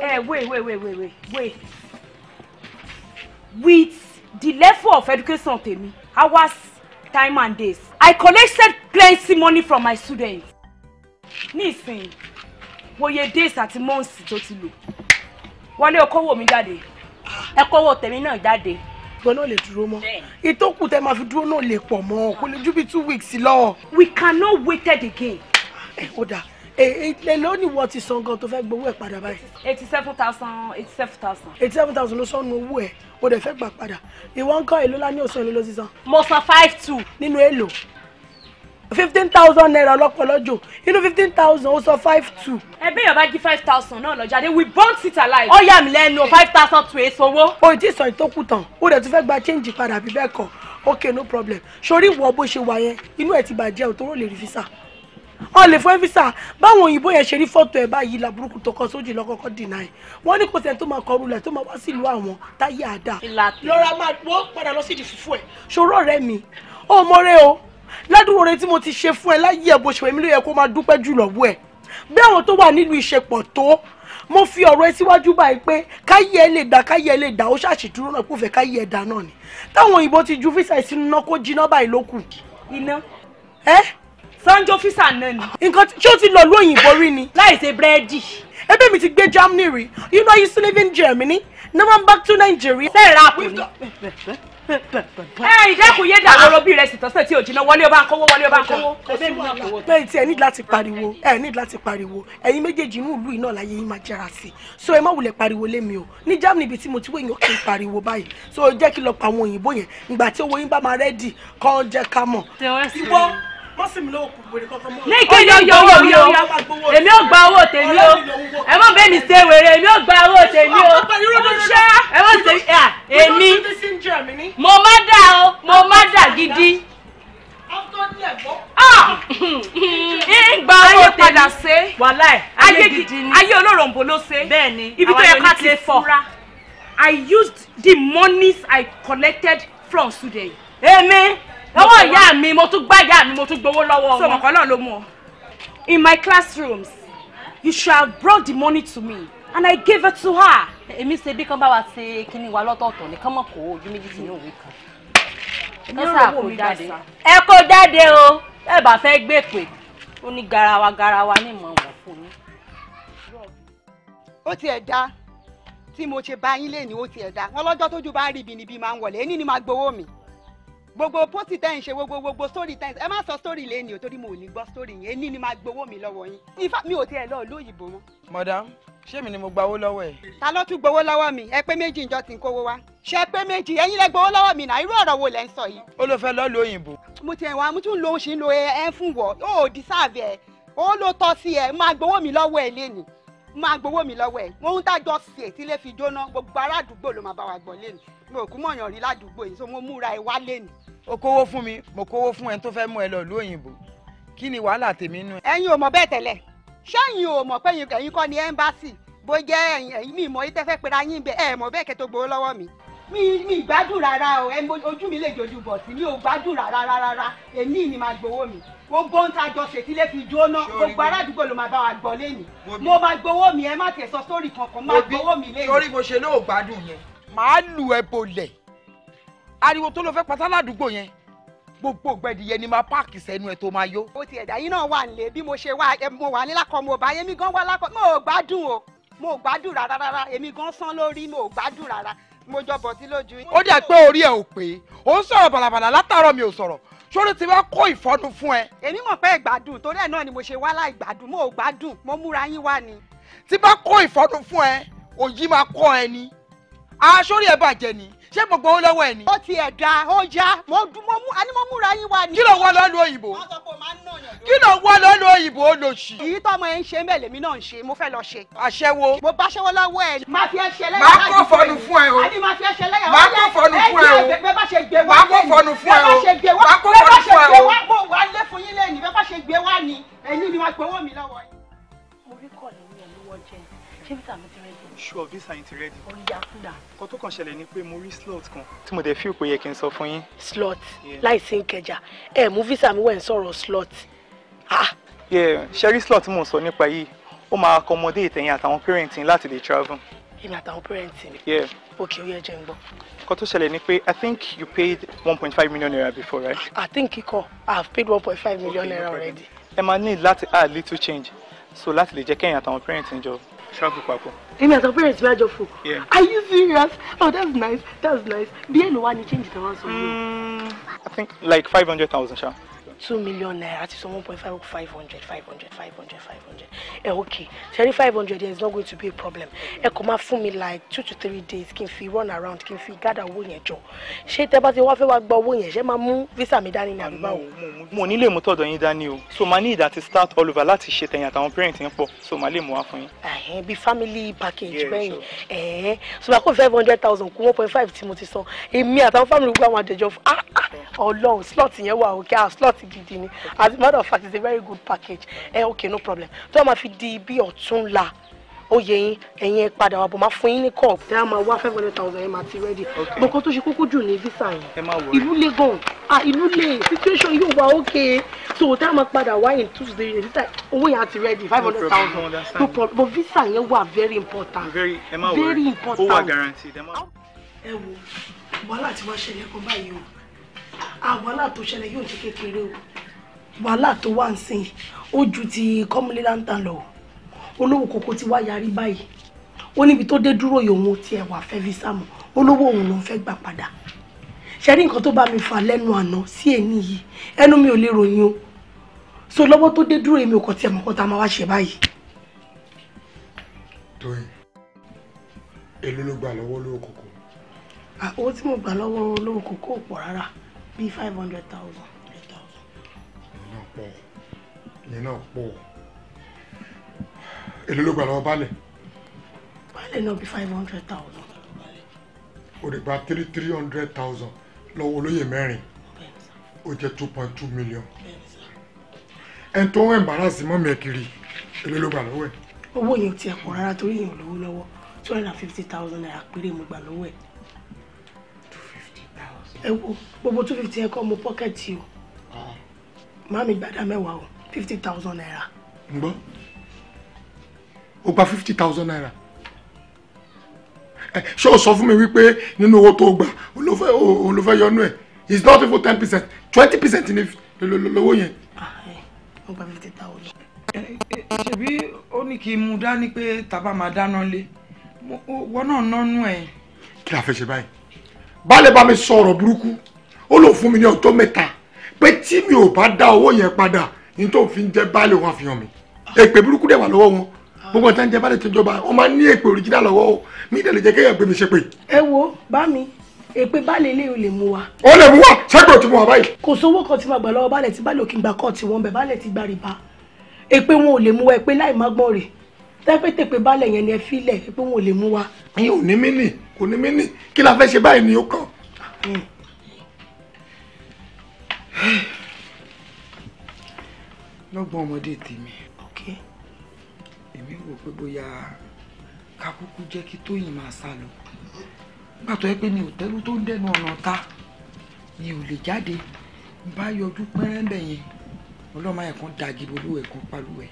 Hey, eh, wait, wait, wait, wait, wait, wait. With the level of education I was time and days, I collected plenty money from my students. Nísìnyí, wo ye days at months tó ti lò. Wọlé okòwò mi jáde. Ẹ kówó tèmi náà jáde gbọ́n náà lè dúró mọ́ ìtókù tẹ́ máa fi dúró náà lè pọ̀ mọ́ kò lè ju bí two weeks lọ. we cannot wait again. ẹ eh, ó dáa èlé lónìí wọ́n ti san gan tó fẹ́ gbowó ẹ̀ padà báyìí. eighty seven thousand eighty seven thousand. eighty seven thousand ló sọnù owó ẹ̀ o dẹ̀ fẹ́ gbà padà ìwọ ń kọ́ èlò lá ní òsàn èlò ló ti san. mo san five two. nínú èlò fifteen thousand naira ọlọ́pọ̀ lọ́jọ́ inú fifteen thousand ó sọ five two. ẹgbẹ́ yóò bá jí five thousand náà lọ́jà dé we burnt sit alive. ó yà mí lẹ́nu five thousand tó èso owó. o ì tí ì sọ ìtókù tán o dẹ̀ tún fẹ́ gba change padà bí bẹ́ẹ̀ kọ́ ok no problem sori wọ bó ṣe wà yẹn inú ẹ̀ ti bàjẹ́ òtóró lè rí fisa ọ lè fún ẹ́físà báwọn òyìnbó yẹn ṣe rí fọ́tò ẹ̀ báyìí làbúrúkú tọkọ sójì lọ́kọ́kọ́ dìnnà ẹ̀ wọ́n ní kò sẹ́ni tó máa kọrú lẹ̀ tó máa wá sílùú àwọn táyé àdá lọ́ra máa wọ́n padà lọ sídìí fùfú ẹ̀ ṣòro ọ̀rẹ́ mi ó mọ́rẹ́ o ládùúgbò rẹ tí mo ti ṣe fún ẹ láyé ẹ̀ bó ṣe wẹ̀mí ló yẹ kó máa dúpẹ́ jù lọ́wọ́ ẹ̀ bí àwọn tó wà nílùú ìṣepọ̀ tó mo fi ọ̀rọ̀ ẹ síwájú báyìí pé káyé ẹ lè gbà káyé ẹ lè dà ó ṣàṣì dúró náà kó fẹ́ káyé ẹ dà náà ni táwọn òyìnbó ti ju físà ìsinú náà kó jiná báyìí ló kù. iná ẹ́ sanjo fisa náà ni. nǹkan tí ó ti lọ lóyìnbó rí ni. láì ṣe búrẹ́dì. ebi mi ti gbé Germany rí you know I used to live in Germany now I'm back to Nigeria. sẹ́ẹ̀ rà pè mí ẹ ìdẹ́kun yé dàgbà lọ bí rẹ sì tọ́sẹ̀ tí ò jiná wọlé ọba nkówó wọlé ọba nkówó. bẹ́ẹ̀ tí ẹ ní láti pariwo ẹ ní láti pariwo ẹ̀yin méjèèjì inú ìlú iná láyé yín máa jẹ́ra sí i so ẹ má wulẹ̀ pariwo lémi o ní Germany ibi tí mo ti wé yín kí n pariwo báyìí so jẹ́ kí lọ pa àwọn òyìnbó yẹn ìgbà tí owó yín bá máa rẹ́dì kọ́ jẹ́ ká mọ̀. ìwọ má sì mí lọ́wọ́ kò wèrè kankan mọ́. ní kí ló yọ owó mi o èmi ò gba owó tèmi o ẹ má bẹ́ẹ̀ mi ṣe wèrè èmi ò gba owó tèmi o ẹ má ṣe èmi mo má dà o mo má dà gidi. Ìgbà ah! owó tèmi wàláì ayé gidi ni ayé olóròǹbó ló ṣe ibi tó yẹ ká ti fura. I used the monies I collected from Sudan. Amen. Hey, lọ́wọ́ ìyá mi mo tún gbá ìyá mi mo tún gbowó lọ́wọ́ wọn. sọmọkàn náà ló mú ọ. in my classrooms you should have brought the money to me and I gave it to her. èmi ṣe bí kán bá wa ṣe kínní wa lọ́tọ̀ọ̀tọ̀ ní kán mọ̀ kó ojú méjì sínú òwe kan. kọ́sà kò jáde ẹ kó jáde o ẹ bá fẹ́ gbé pè ó ní garawa garawa ní ìmọ̀ wọ̀ fún mi. ó tiẹ̀ dá tí mo ṣe bá yín lé ní ó tiẹ̀ dá wọn lọ́jọ́ tójú bá rí ibi níbi máa ń wọlé ẹni ni máa gbowó mi gbogbo pósì tẹ́ ń ṣe gbogbo gbogbo sórí tẹ́ ń ṣe ẹ má sọ sórí lẹ́ni o torí mo ò ní gbọ́ sórí yẹn èní ni máa gbowó mi lọ́wọ́ yín in fact mi ò tiẹ̀ lọ lóyìnbó mọ́. madam ṣé mi ni mo gbawó lọ́wọ́ ẹ̀. ta ló tún gbowó lọ́wọ́ mi ẹ pé méjì njọ́ ti ń kówó wá. ṣe pé méjì ẹ̀yin lẹ gbowó lọ́wọ́ mi náà irú ọ̀rọ̀ wo lẹ ń sọ yìí. ó ló fẹ́ lọ lo òyìnbó. mo ti ẹ̀wọ̀n mo tún lo oṣù lo ẹ fún wọ ó ò dísáàbì sí ẹ máa gbowó mi lọ́wọ́ ẹ lẹ́nu máa gbowó mi lọ́wọ́ ẹ ohun tá a jọ sí ètí lè fi jóná gbogbo ará àdúgbò ló máa bá wa gbọ́ lẹ́nu mi ò kú mọ̀yàn rí ládùúgbò yìí so mo múra ẹ wálé ni. o kówó fún mi mo kówó fún ẹni tó fẹ́ mú ẹ lọ ìlú òyìnbó kí ni wàhálà tèmi nú ẹ. ẹ̀yin ò mọ̀ bẹ́ẹ̀ tẹ́lẹ̀ ṣẹ́yìn ò mọ̀ pé ẹ̀yin kọ́ ni ẹ́mbásì bó jẹ́ ẹ̀yin mi mọ̀ yìí tẹ́fẹ́ pera yín bẹ́ẹ̀ ẹ̀ mọ̀ bẹ́ẹ̀ kẹ́tọ́ gbowó lọ́wọ́ mi. mi mi gbádùn rárá o ojú mi lè jojú bọ̀ sí mi ò gbádùn rárá rárá èmi ni máa gbowó mi gbogbo ń tajọ ṣètìlẹ́ fi jóná gbogbo aládùúgbò ló máa bá wa gbọ́ lẹ́yìn mo máa gbowó mi ẹ má tẹ̀ sọ sórí kankan máa gbowó mi lẹ́yìn. torí mo ṣe lóò gbádùn yẹn màá lù ẹ bolẹ̀ ariwo tó lọ fẹ́ pátá ládùúgbò yẹn gbogbo gbẹdìyẹ ni máa páàkì sẹ́nu ẹ tó máa yó. ó ti ẹ̀dá yín náà wà nílé bí mo ṣe wá mo wà ní lákọ mo bá yẹmí gan wá lákọ mo ò gbádùn o mo ò gbádùn rárá rárá èmi gan sán lórí mo ò gbádùn rárá mo jọ bọ̀ sí lójú. ó dẹ̀ pé orí ẹ̀ ò pé ó ń sọ̀rọ̀ bàlàbàlà látàárọ̀ mi ò sọ̀rọ̀ sórí ti wá kó ìfọ́nu fún ẹ. èmi mọ̀ pé ìgbádùn torí ẹ̀ náà ni mo ṣe wá láì gbádùn mo ò gbádùn mo múra yín wá ni. tí bá kó ìfọ́nu fún ẹ òyì máa kọ́ ẹ ni aṣọ́rí ẹ̀ bàjẹ́ ni ṣé mo gbowó lọ́wọ́ ẹ̀ ni. ó ti ẹ̀dá ó yá mo dún mo mú àní mo múra yín wá ni. kí ló wọ́ lọ́nu òyìnbó kí ló wọ́ lọ́nu òyìnbó olóṣì. èyí tọmọ ẹ ń ṣe mẹ́lẹ̀ mi náà ń ṣe mo fẹ́ lọ ṣe. àṣẹwo. mo bá ṣẹwọ́ lọ́wọ́ ẹ. máa fi ẹṣẹ lẹ́yà máa kó fọnù fún ẹ o. àní máa fi ẹṣẹ lẹ́yà máa kó fọnù fún ẹ o. máa kó fọnù fún ẹ o. máa kó fọnù sure visa yín ti ready. ó yá kúndà. nǹkan tó kàn ṣẹlẹ̀ ni pé mo rí slot kan tí mo dẹ̀ feel pé yẹ kí n sọ fún yín. slot láìsí nkẹjà ẹ mú visa mi wẹ̀ ń sọ̀rọ̀ slot. ṣe rí slot mò ń sọ nípa yìí ó máa accommodate ẹ̀yin àtàwọn parents yín láti lè travel. èmi àtàwọn parents mi. òkè ó yẹ jẹ́ ń gbọ́. nǹkan tó ṣẹlẹ̀ ni pé i think you paid one point five million naira before right. i think kíkọ i have paid one point five million naira already. ẹ máa ní láti add little change so láti lè jẹ́ kẹ́yìn àtàwọn parents ń jọ travel papọ̀. èmi àti parents mi àjọ fò. are you serious? oh that's nice that's nice bí ẹnu wa ni change ìtàn wa sọ yìí. Mm, i think like five hundred thousand ṣá two million naira àti some one point five five hundred five hundred five hundred five hundred eh, ẹ ok ṣẹ́rí five hundred yẹn is not going to be a problem Eh, come máa fún me like two to three days kí fi run around kí n fi gather owó yẹn jọ ṣé tẹ bá ti wá fẹ́ wá gba owó yẹn ṣé máa mú visa mi dání ní àbúgbà o. mo ní lè mú tọ̀dọ̀ yín dání o so màá ní ìdá ti start all over láti ṣe tẹ̀yìn àtàwọn parent yẹn pọ̀ so màá lè mú wá fún yín. ẹ̀hìn bíi family package bẹ́yìn ẹ̀hìn so bá kó five hundred thousand kú one point five tí mo ti sọ èmi àtàwọn family gbogbo àwọn àjẹjọ ọlọ́run slot yẹn wà òkè à ah, slot àti gidi ni as a matter of fact it's a very good package ẹ eh, okay no problem tó o máa fi di bí ọ̀túnla ó yẹ yín ẹ̀yin ẹ padà wà bọ̀ máa fún yín ní cup tẹ́ a máa wá five hundred thousand yẹn máa ti ready gbọ̀ngàn tó ṣe kókó jù ní visa yẹn ìlú le gan ah ìlú le situation yóò wá okay so tẹ́ a máa padà wá in tuesday yẹn visa owó yẹn àti ready five hundred thousand no problem but visa yẹn wà very important very, very important ó wà guaranteed ẹ wo wàhálà tí wàá ṣẹlẹ̀ kan báyìí o. Ah, wàhálà tó ṣẹlẹ̀ yóò ṣe kékeré o wàhálà tó wà ń sìn ó ju ti kọ́múlé láǹtà lọ olówó kòkó ti wá yarí báyìí ó níbi tó dé dúró yòówó tiẹ̀ wà fẹ́ fi sáàmù olówó òun ló ń fẹ́ gbà padà ṣẹ́rí nǹkan tó bá mi fà lẹ́nu àná sí èmi yìí ẹnu mi ò lè ròyìn o so lọ́wọ́ tó dé dúró èmi ò kàn tiẹ̀ mọ̀ kọ́ta máa wá ṣe báyìí. tóyìn èló ló gbà lọ́wọ́ olówó kòkó. Ah, owó tí mo gbà lọ́wọ́ olówó kòkó ò pọ̀ rárá. Be five hundred thousand. ìyẹn náà pọ̀ ìyẹn náà pọ̀ èlò ló gbà lọ́wọ́ baálẹ̀. baálẹ̀ náà bíi five hundred thousand. o lè gba three hundred thousand lọ́wọ́ olóyè mẹ́rin ó jẹ́ two point two million. ẹni tó ń wẹ̀ ń bàrà sí mọ́mí ẹ̀ kiri èlò ló gbà lọ́wọ́ ẹ̀. owó yẹn ti ẹ̀kọ́ rárá torí yẹn ò lówó lọ́wọ́ two hundred fifty thousand naira péré mo gbà lọ́wọ́ ẹ̀ ẹ gbogbo two fifty ẹ kọ́ mo pọ́kẹ́tì o ah. màámi gbàdá mẹ́wàá o fifty thousand naira. ń gbọ́ o gba fifty thousand naira ṣé o sọ fún mi wípé nínú owó tó o gbà o ló fẹ́ yọnú ẹ̀ it's not even ten percent twenty percent ni lówó yẹn. ó ah, gba fifty thousand. ṣebí ó ní kí n mú dání pé tàbá máa dáná lé wọn náà nánú ẹ. kí la fẹ́ ṣe báyìí baálé bá mi sọ ọ̀rọ̀ burúkú ó lò fún mi ní ọjọ́ mẹ́ta pé tí mi ò bá dá owó yẹn padà ní tó fi ń jẹ́ baálé wọn àfihàn mi èpè burúkú dẹ̀ wà lọ́wọ́ wọn gbogbo ọ̀tá ń jẹ baálé tó jọba wọn máa ń ní èpè òrìjìnà lọ́wọ́ o mi ìdẹ̀lẹ̀ jẹ́ kéèyàn gbé mi ṣépè. ẹ wo bá mi èpè baálé ilé ò lè mú wa. ó lè mú wa ṣẹ́gbẹ̀rẹ̀ tí mo wà báyìí. kò sówó kan tí màá gbà lọ́wọ́ baálé tí baálé òkè ń gbà kọ́ọ̀tì wọn bẹ̀ baálé ti gbà rìbá èpè wọn ò lè mú wa èpè láì má gbọ́n rè tẹ́pẹ́tẹ́pẹ́ baálé yẹn ni ẹ fílẹ̀ èpè wọn ò lè mú wa. mi ò ní mí nì kò ní mí nì kí la fẹ́ ṣe báyìí ni ó kàn. lọ́gbọ́n ọmọdé tèmi èmi wò pé bóyá kakúkú jẹ́ kí tóyìn máa sá lọ nígbà tó yẹ pé mi ò tẹ́lú tó ń dẹnu ọ̀nà ta mi ò lè jáde bá yọjú pẹ́rẹ́ńbẹ̀ yẹn ọlọ́mọ ẹ̀kan dàgìbò lúwẹ̀ kan pálúwẹ̀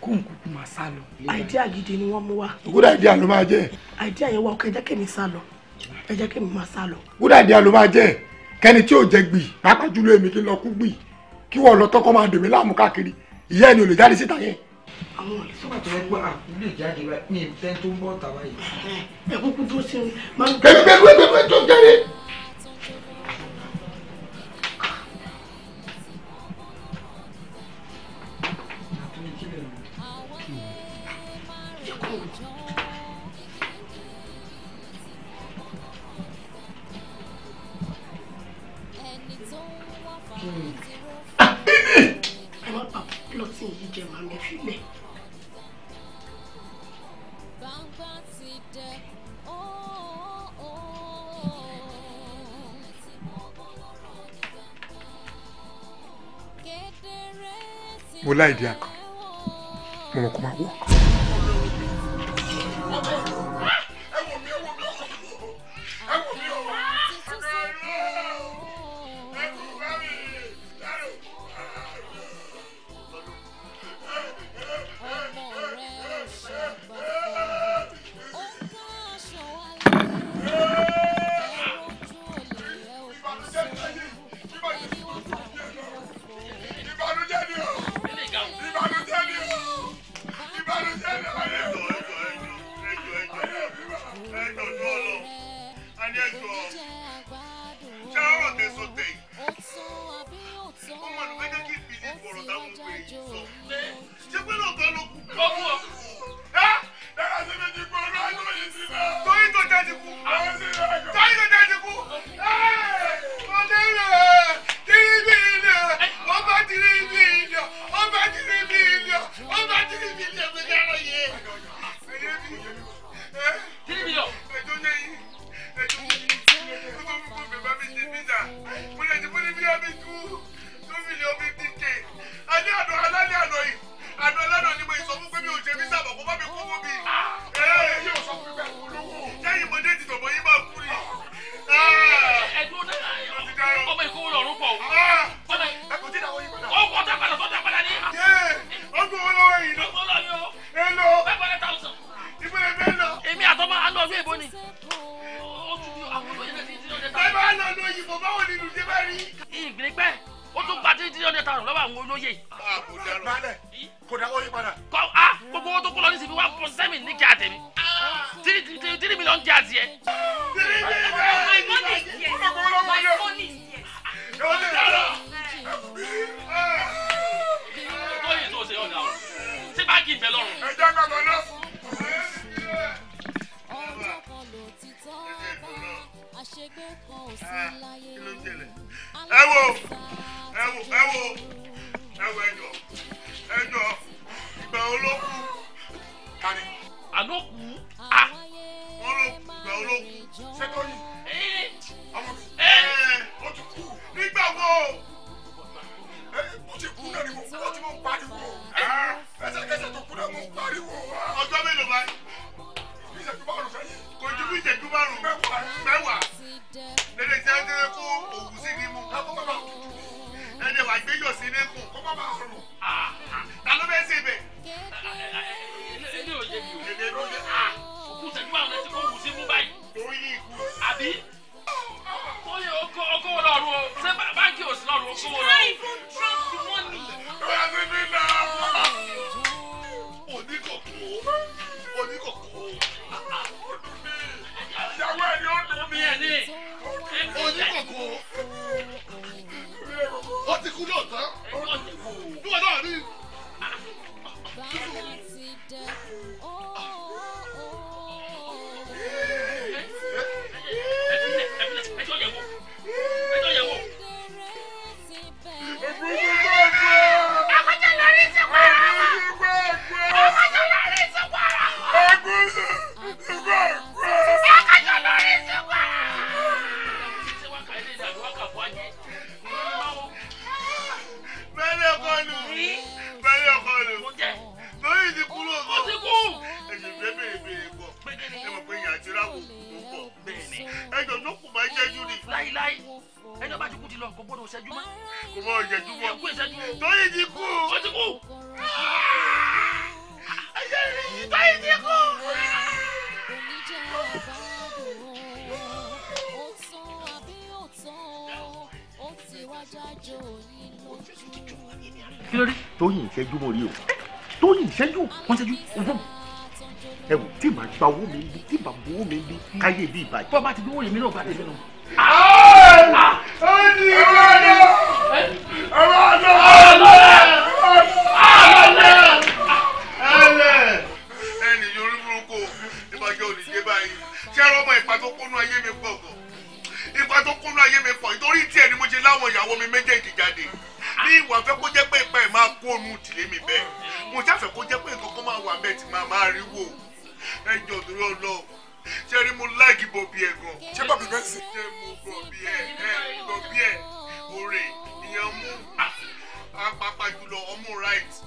kó n kúkú máa sá lọ. àìdíà gidi ni wọ́n mú wá. gúdà àìdíà ló máa jẹ́. àìdíà yẹn wá ọkọ ẹ jẹ́ kẹ́mi sá lọ ẹ jẹ́ kẹ́mi máa sá lọ. gúdà àìdíà ló máa jẹ́ kẹ́ni tí ò jẹ gbì pàápàá jùlọ èmi kí n lọ kú gbì kí wọ́n lọ tọ́kọ́ máa dèmí láàmú káàkiri ìyá ẹni ò lè jáde síta yẹn. àwọn ìsọ́kà tó wọ́n gbọ́ àkúlé jáde ní ìfẹ́ tó ń bọ̀ tàwa yìí. ẹ mo láì di àkàn mo mọ̀ kó máa wọ̀. Thank you. ọ̀run pọ̀ kọ́dà ẹ̀kọ́ tí ìdáwọ́ yìí padà. ó kọ́ tẹ́ padà tó tẹ́ padà ní. ọgbọ́n wọn lọ́wọ́ yìí. ọgbọ́n lọ ni o. ẹ lọ. fẹ́fẹ́rẹ́ ta ọ̀sán. ìbúlẹ̀ bẹ́ẹ̀ lọ. èmi àtọ́ máa ń lọ sí èbó ni. ó tún bí àwọn ọmọ yẹn ti ti ọdẹ ta. bẹ́ẹ̀ bá lọ lọ yìí bọ̀ báwo ni ìlú dé bá rí. ìgbìn pẹ́ ó tún gba títí ọdẹ ta lọ́wọ́ àwọn olóyè. Ah, kò dáwọ́ yìí padà. kọ́ a gbogbo owó tó kó lọ ní sinmi wá pọ̀ sẹ́mi ní kí a tẹ̀mí. tírí mílíọ̀nù kí a tiẹ̀. ẹ wo ẹ wo ẹ wo ẹ wo ẹjọ ẹjọ ìgbà olókù kàní. àlókù a. Ah, wọn ló ìgbà olókù sẹtọyì ọmọ mi ó ti kú nígbà wo ó ti kú náà ni mo ó ti mọ pariwo ah. ẹsẹ̀kẹsẹ̀ tó kú náà mo pariwo. ọjọ́ mélòó báyìí. ìṣèjú márùn-ún fẹ́ yẹn. kò ju ìṣèjú márùn-ún mẹ́wàá lẹ́dẹ̀ tí a ti rẹ́ kó òògùn sí ni mu lẹ́dẹ̀ wà gbé yọ̀ sí ni mu ta ló bẹ́ẹ̀ ah, sí mu báyìí. orí ikú the money. mọ̀ kó o ti kú lóòótọ́ níwọ̀n náà rí. ìṣẹ́jú mọ́ Tóyìn ti kú. ó ti kú. Tóyìn ti kú. kí ló dé Tóyìn ìṣẹ́jú mọ́ rí o Tóyìn ìṣẹ́jú wọ́n ṣẹ́jú ogún ẹ wò tí màá gba owó mi bí tí màá bu owó mi bí káyé bí ìbàjẹ́ bọ́ bá ti gbé yẹn mi náà bá ti mi náà. Ah! ó di ìwádìí. Thanks.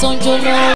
don't you know?